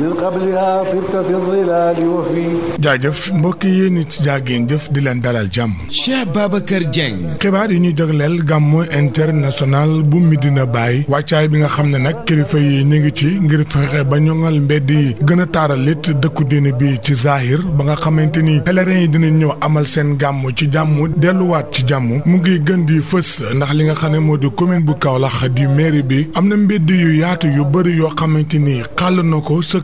min qabliha tibta fi dhilaali wa fi jaajëf mbokk yi nit jaageen jëf di leen dalal jàmm Cheikh kër Dieng xibaar yi ñu jagleel gàmmu international bu Medina bàyyi wàccaay bi nga xam ne nag kilifa yi ñu ngi ci ngir fexe ba ñoŋal mbedd yi gën a taaral it dëkku diine bi ci zahir ba nga xamante ni pèlerin yi dina ñëw amal seen gàmmu ci jàmm delluwaat ci jàmm mu ngi gën di fës ndax li nga xam ne moo di commune bu kawlax di mairie bi am na mbedd yu yaatu yu bëri yoo xamante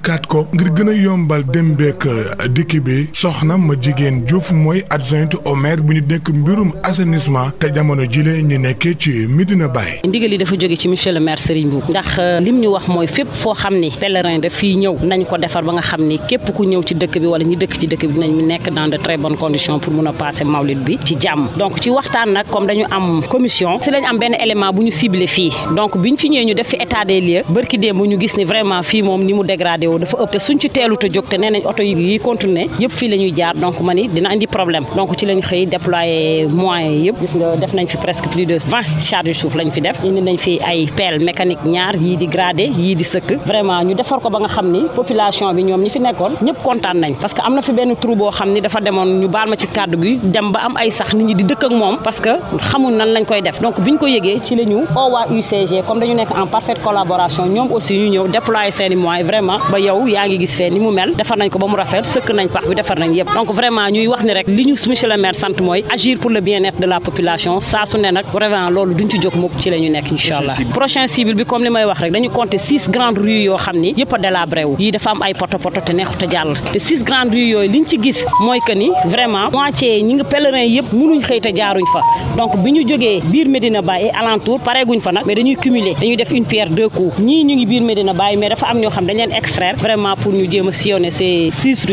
yokkaat ko ngir gën a yombal dem beek euh, dikki bi soxna ma jigéen Diouf mooy adjointe au maire bu ñu dénk mbirum assainissement te jamono jile ñu nekkee ci Medina Baye. ndigal li dafa jóge ci monsieur le maire Serigne Mboup ndax euh, lim ñu wax mooy fépp foo xam ni pèlerin da fii ñëw nañ ko defar ba nga xam ni képp ku ñëw ci dëkk bi wala ñi dëkk ci dëkk bi nañ nekk dans de très bonnes conditions pour mun a passer mawlid bi ci jàmm donc ci waxtaan nag comme dañu am commission si lañ am benn élément bu ñu ciblé fii donc biñ fi ñëwee ñu def fi état des lieux barki démb ñu gis ni vraiment fii moom ni mu dégradé dafa ëpp te suñ ci teelut a jóg te nee nañ oto yi continuer yëpp fii la ñuy jaar donc ma ni dina indi problème donc ci lañ xëy déployer moyens yëpp gis nga def nañ fi presque plus de vingt charge suuf lañ fi def indi nañ fi ay pelle mécanique ñaar yii di gradé yii di sëkk vraiment ñu defar ko ba nga xam ni population bi ñoom ñi fi nekkoon ñëpp kontaan nañ parce que am na fi benn trou boo xam ni dafa demoon ñu baal ma ci kàddu gi dem ba am ay sax nit ñi di dëkk ak moom parce que xamul nan lañ koy def donc biñ ko yëgee ci la ñu oo UCG comme dañu nekk en parfaite collaboration ñoom aussi ñu ñëw déployer seeni moyens vraiment yow yaa ngi gis fee ni mu mel defar nañ ko ba mu rafet sëkk nañ pax bi defar nañ yëpp donc vraiment ñuy wax ni rek li ñu monsieur le maire sant mooy agir pour le bien-être de la population saa su ne nag vraiment loolu duñ ci jóg mukk ci la ñu nekk incha allah prochain cible bi comme li may wax rek dañu compter six grandes rues yoo xam ni yëpp a délabré wu yii dafa am ay poto poto te neexut a jàll te six grandes rues yooyu liñ ci gis mooy que ni vraiment moitié ñi nga pèlerin yëpp mënuñ xëy te jaaruñ fa donc bi ñu jógee biir Médina Baye et alentour pareeguñ fa nag mais dañuy cumuler dañuy def une pierre deux coups ñii ñu ngi biir Médina Baye mais dafa am ñoo xam dañ leen extraire faire vraiment pour jéem a sillonner ces six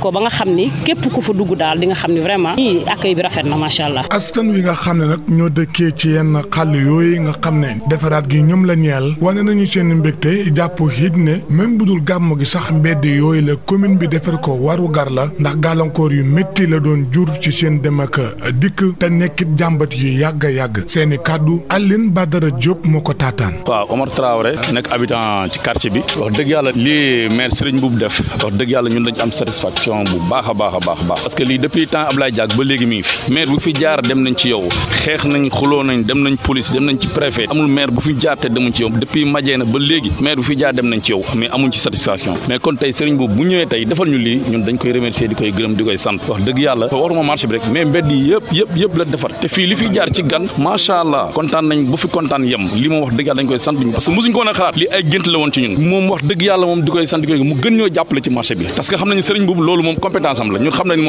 ko ba nga xam ni képp ku fa dugg daal di nga xam ni vraiment ñii na macha allah. askan wi nga xam ne nag ñoo dëkkee ci yenn xàll yooyu nga xam ne defaraat gi ñoom la ñeel wane nañu seen mbégte jàpp it ne même bu dul gàmm gi sax mbedd yooyu la commune bi defar ko waru gar la ndax gàllankoor yu métti la doon jur ci seen dem ak dikk te nekkit jàmbat yi yàgg a yàgg seen i kàddu Aline Badara Diop moo ko taataan. waaw Omar Traoré nekk habitant ci quartier bi wax dëgg yàlla lii li maire Serigne Mboup def wax dëgg yàlla ñun dañ am satisfaction bu baax baax baax parce que lii depuis temps Ablaye Diack ba léegi mi maire bu fi jaar dem nañ ci yow xeex nañ xuloo nañ dem nañ police dem nañ ci yow mais amuñ ci satisfaction mais kon tey Serigne Mboup bu ñëwee tey defal ñu lii ñun dañ koy remercier di koy gërëm di koy sant wax dëgg yàlla waruma marché bi rek mais mbedd yi yëpp la defar te fii li fi jaar ci gan macha allah kontaan di mu gën ñoo jàppale ci marché bi parce que xam nañu sëriñ boobu loolu moom compétence am la ñun xam nañ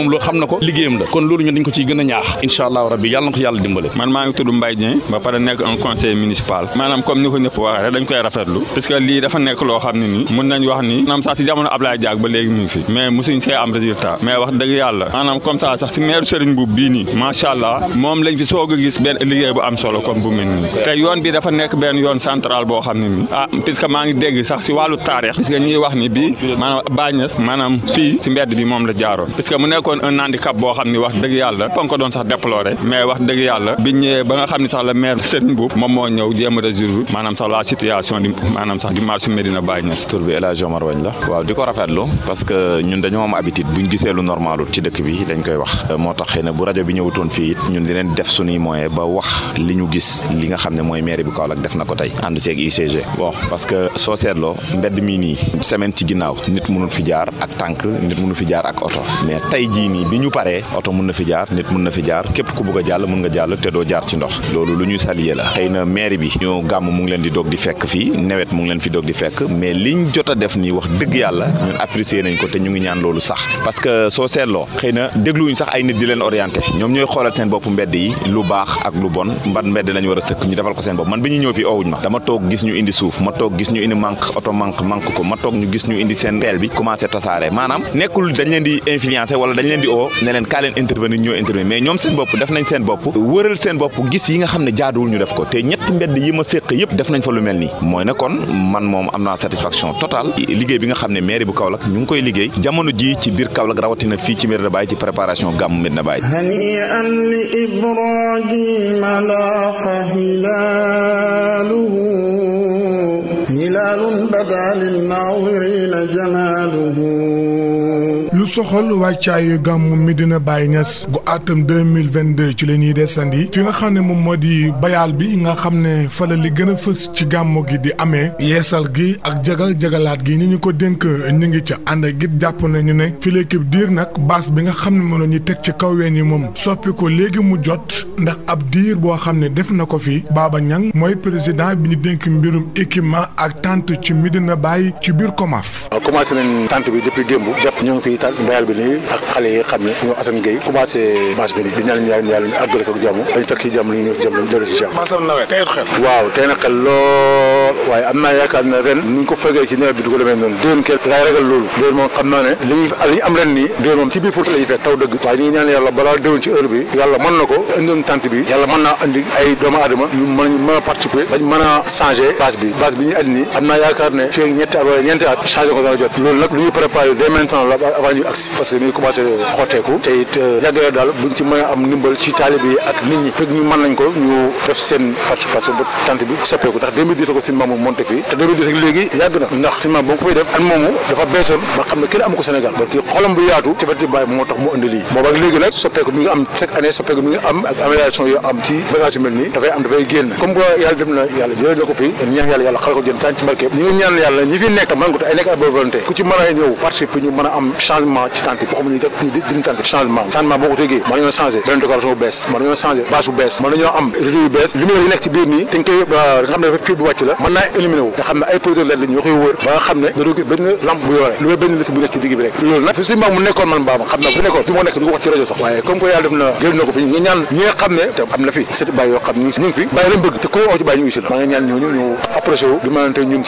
ko liggéeyam la kon loolu ñun dañ ko ciy gën a ñaax incha allah rabbi yàlla na ko yàlla dimbale man maa ngi tudd Mbaye Dieng ba pare nekk un conseiller municipal maanaam comme ni ko ñëpp waxee rek dañ koy rafetlu parce que lii dafa nekk loo xam ne nii mën nañ wax ni maanaam sax si jamono Ablaye Diack ba léegi mu fi mais mosuñ see am résultat mais wax dëgg yàlla ñuy wax ni bii maanaam la jaaroon parce que mu nekkoon un handicap xam ni wax dëgg yàlla ko doon sax wax dëgg yàlla biñ ñëwee ba nga xam ne sax la maire Serigne Mboup moom moo ñëw jéem a résoudre maanaam sax la situation di maanaam sax di marché Médina Baye Niass tur bi El Hadj Omar Wagne la waaw di ko rafetlu parce que ñun dañoo bi dañ koy wax moo tax xëy na bu rajo bi ñëwutoon fii ba wax li ñu gis li nga xam ne mooy maire bi Kaolack def na ko tey ànd seeg UCG bon parce que soo seetloo mbedd mii nii semaine ci ginnaw nit mënul fi jaar ak tank nit mënul fi jaar ak auto mais tay ji ni bi ñu paree oto mën fi jaar nit mën fi jaar képp ku bëgg jall jàll nga jall té do jaar ci ndox lolu luñu ñuy salier la xeyna maire bi ñoo gam mu ngi leen di dog di fekk fi newet mu ngi leen fi dog di fekk mais liñ jot def ni wax dëgg yalla ñun apprécier nañ ko té ñu ngi ñaan lolu sax parce que so seetloo xeyna na dégluwuñ sax ay nit di leen orienter ñom ñoy xolal seen bop mbedd yi lu baax ak lu bon mban mbedd lañ wara sëkk ñu defal ko seen bop man biñu ñëw fi owuñ ma dama tok gis ñu indi suuf ma tok gis ñu indi mank auto mank mank ko ma toog tok ñu gis ñu indi sen pel bi commencé tassaré manam nekul dañ leen di influencer wala dañ leen di o ne leen ka leen intervenir ñoo intervenir mais ñom sen bop def nañ sen bop wëral sen bop gis yi nga xam ne ñu def ko te ñetti mbedd yi ma sékk yépp def nañ fa lu melni moy kon man mom amna satisfaction total, liggéey bi nga ne bu Kaolack ñu ngi koy liggéey jamono ji ci biir Kaolack na fi ci Medina Baye ci préparation gam Medina Baye هلال بدا للناظرين جماله lu soxal wàccaayu gàmmu Medina Baye Niass gu atam 2022 ci la ñuy desandi fi nga xam ne moom moo di bayaal bi nga xam ne fala li gën a fës ci gàmmu gi di amee yeesal gi ak jagal jagalaat gi ñu ñu ko dénk ñu ngi ca ànd ak it jàpp nañu ne fi l'équipe diir nag baas bi nga xam ne moom na ñu teg ci kaw ween yi moom soppi ko léegi mu jot ndax ab diir boo xam ne def na ko fi Baba Niang mooy président bi ñu dénk mbirum équipement ak tente ci Medina Baye ci biir COMAF Euh, commencé nañ tente bi depuis démb jàpp ñu waaw tey xel lool waaye am naa yaakaar ne ren nii déwén moom ci biir fur lañu fekk taw dëgg waaye ñu ñaan yàlla balaa déwén ci heure bi yàlla mën na ko indoon tente bi yàlla mën naa andi ay doomu aadama ñu mën a participer bañ mën a changer base bi base bi ñu andi am naa yaakaar ne fii ñetti at wala ñeenti at changé ko loolu nag lu ñu préparé dès maintenant la avant ñu agsi parce que ñu euh, ñu mën nañ ñu def seen participation ba ko te 2010 ak léegi ba volonté ku ci mën a ñëw participer ñu mën a am changement ci tànk boo xam ne ñu dindi tànk changement am réseau ci biir bi mu nekkoon bàyyi yoo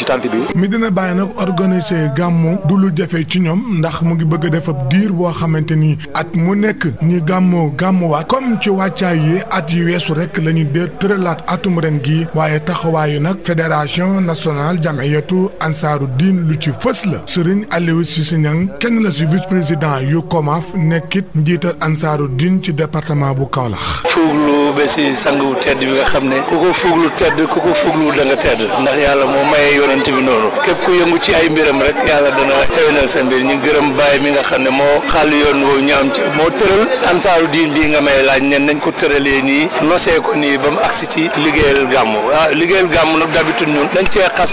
xam gàmmu du lu jafe ci ñoom ndax mu ngi bëgg a def ab diir boo xamante ni at mu nekk ñu gàmmoo gàmmuwaat comme ci wàccaay yi at yu weesu rek lañuy ñu dee tëralaat atum ren gi waaye taxawaayu nag fédération nationale jamiyatu ansaaru diin lu ci fës la Serigne Aliou Cissé Niang kenn la si vice président yu COMAF nekkit njiital ansaaru diin ci département bu Kaolack. fuuglu ba si sangu tedd bi nga xam ne ku ko fuuglu tedd ku ko fuuglu da nga tedd ndax yàlla moo maye yonent bi noonu képp ku yëngu ci ay mbiram yàlla dana éwénal mbir ñu gërëm Baye mi nga xam ne moo xàll yoon woowu ñu am ci moo tëral ansaaru diin bii nga may laaj ne nañ ko tëralee nii nosee ko nii ba mu agsi ci liggéeyal gàmm waaw ah, liggéeyal gàmm nag d'habitude ñun dañ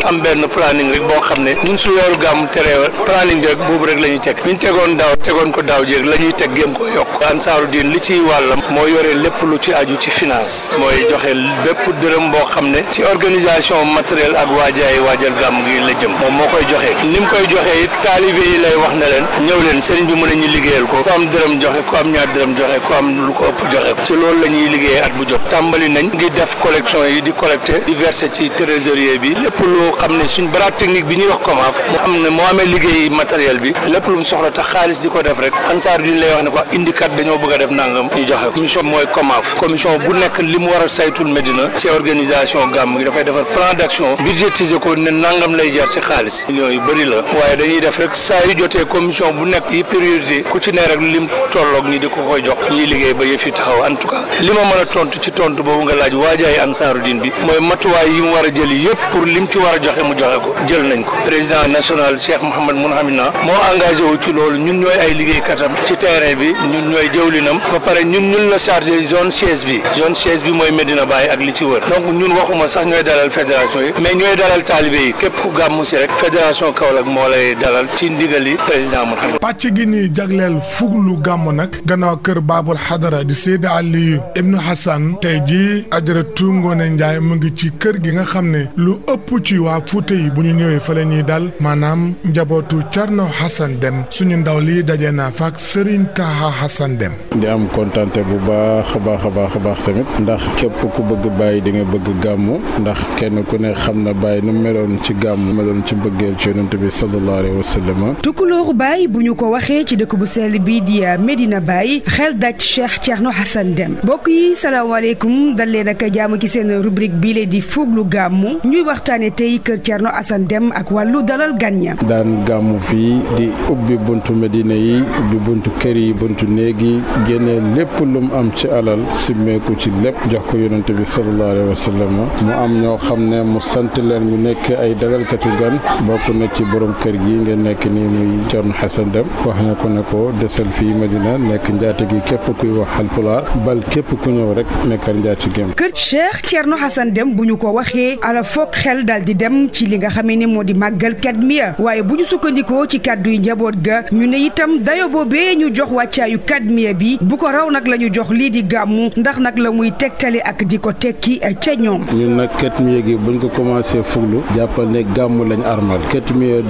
am benn planning rek xam ne ñun su weeru gàmm teree planning rek boobu rek la ñuy teg bi ñu tegoon daaw tegoon ko daaw jéeg la teg gëm ko yokk ansaaru diin li ciy wàllam moo yore lépp lu ci aju ci finance mooy joxe bépp dërëm boo xam ne ci organisation materiel ak waajaay waajal gàmm gi la jëm moom moo koy joxe koy joxe it taalibe yi lay wax na len ñëw len sëriñ bi mëna a ñu liggéeyal ko ko am dërëm joxe ko am ñaar dërëm joxe ko am lu ko ëpp joxe ci loolu lañuy liggéey at bu jot tàmbali nañ ngi def collection yi di collecté di versé ci trésorier bi lépp lo xamné suñ bras technique bi ñuy wax comaf mu xam ne moo amee liggéey matériel bi lépp lu mu soxla ta xaaliss diko def rek ansar di lay wax ne ko indi kat dañoo bëgg def nangam ñu joxe commission moy comaf commission bu nekk lim wara saytul Médina ci organisation gam gi da fay defal plan d'action budgétiser ko ne nangam lay jar ci xaaliss ñoy bari la la waaye dañuy def rek saa yu jotee commission bu nekk yi priorité ku ci ne rek lim tolloog ñi di ko koy jox ñuy liggéey ba yëf yi taxaw en tout cas li ma mën a tontu ci tontu boobu nga laaj waajaay ansaaru diin bi mooy matuwaay yi mu war a jël yëpp pour lim ci war a joxe mu joxe ko jël nañ ko président national Cheikh Mouhamed Mounhamina moo engagé wu ci loolu ñun ñooy ay liggéeykatam ci terrain bi ñun ñooy jëwlinam ba pare ñun ñun la chargé zone siège bi zone siège bi mooy Medina Baye li ci wër donc ñun waxuma sax ñooy dalal fédération yi moo lay dalal ci ndigali président gi ni jagleel fuglu gàmm nag gannaaw kër Baabul Hadara di Seydi Aliou Ibnu Hassan tey jii ajaratu Ngoone Njaay mu ngi ci kër gi nga xam ne lu ëpp ci waa yi bu ñu ñëwee fa la ñuy maanaam njabootu Thierno Hassan suñu ndaw li daje naa fa ak Serigne Taha di am kontante bu baax a baax a baax a baax tamit ndax képp ku bëgg bàyyi di nga bëgg gàmmu ndax kenn ku ne xam na bàyyi nu meloon ci gàmmu meloon ci bëggeel ci yonent bi sallallahu alayhi wa sallam. tukkulóoru baay bu ñu ko waxee ci dëkk bu sell bii di euh, Medina Baye xel daj Cheikh Thierno Hassane Dème mbokk yi salaamaaleykum dal leen ak jaamu ci seen rubrique bii la di fuglu gàmmu ñuy waxtaanee tey kër Thierno Hassane Dème ak wàllu dalal gan ña. daan gàmmu fii di ubbi buntu Medina yi ubbi buntu kër yi buntu néegi yi lépp lu am ci alal simmeeku ci lépp jox ko yonent bi sallallahu alayhi mu am ñoo xam ne mu sant leen ñu nekk ay dagalkatu gan bokk na ci borom borom kër gi nga nekk nii muy Thierno Hassane Deme wax na ko ne ko desal fii Madina nekk njaati gi képp kuy wax Haalpulaar bal képp ku ñëw rek nekkal njaati géem kër Cheikh Thierno Hassane Deme bu ñu ko waxee ala foog xel daal di dem ci li nga xamee ne moo di màggal Katmiya waaye bu ñu sukkandikoo ci kàddu yi njaboot ga ñu ne itam dayo boobee ñu jox wàccaayu Katmiya bi bu ko raw nag la ñu jox lii di gàmmu ndax nag la muy tegtali ak di ko tekki eh, ca ñoom ñun nag Katmiya gi buñ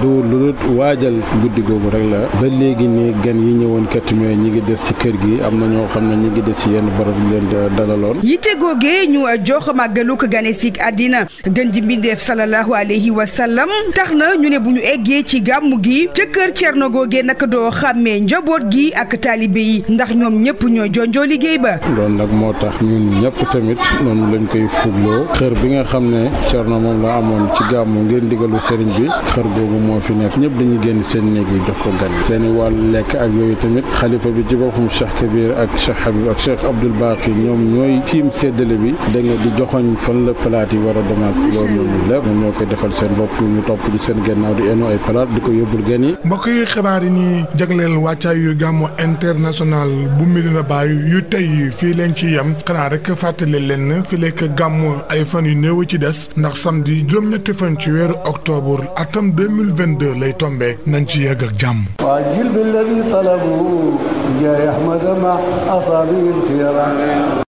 du lu wajal guddi gogu rek la ba legi ni gan yi kat me ñi ngi dess ci kër gi am na ño xam ñi ngi dess ci yenn barab yu leen dalaloon yitte googee ñu jox màggaluk gane sik adina gën ji mbindeef sallallahu alayhi wa sallam taxna ñu ne buñu eggé ci gamu gi ci kër cierno googee nak do xamé njaboot gi ak talibé yi ndax ñom ñepp ño jonjoo liggéey ba loolu nak moo tax ñun ñepp tamit non lañ koy fuglo xër bi nga xamné cierno mom la amon ci gamu ngeen digalu serigne bi xër gogu mo moo fi nekk ñëpp dañuy génn seen néeg yi jox ko gan seen i wàllu lekk ak yooyu tamit xalifa bi ci boppam Cheikh Kabir ak Cheikh Habib ak Cheikh Abdoul Baqi ñoom ñooy tiim séddale bi da nga di joxoñ fan la palaat yi war a demaat loolu noonu lépp ñoom ñoo koy defal seen bopp ñu topp di seen gannaaw di enu ay palaat di ko yóbbul gan yi mbokk yi xibaar yi nii jagleel wàccaayu gàmmu international bu Medina Baye yu tey fii leen ci yem xanaa rek fàttali leen fi lekk gàmmu ay fan yu néew ci des ndax samedi juróom-ñetti fan ci weeru octobre atam 2020 2022 lay tombé nañ ci yegg ak jàmm. waajil billadi talabu ya ahmad ma asaabi alxiyara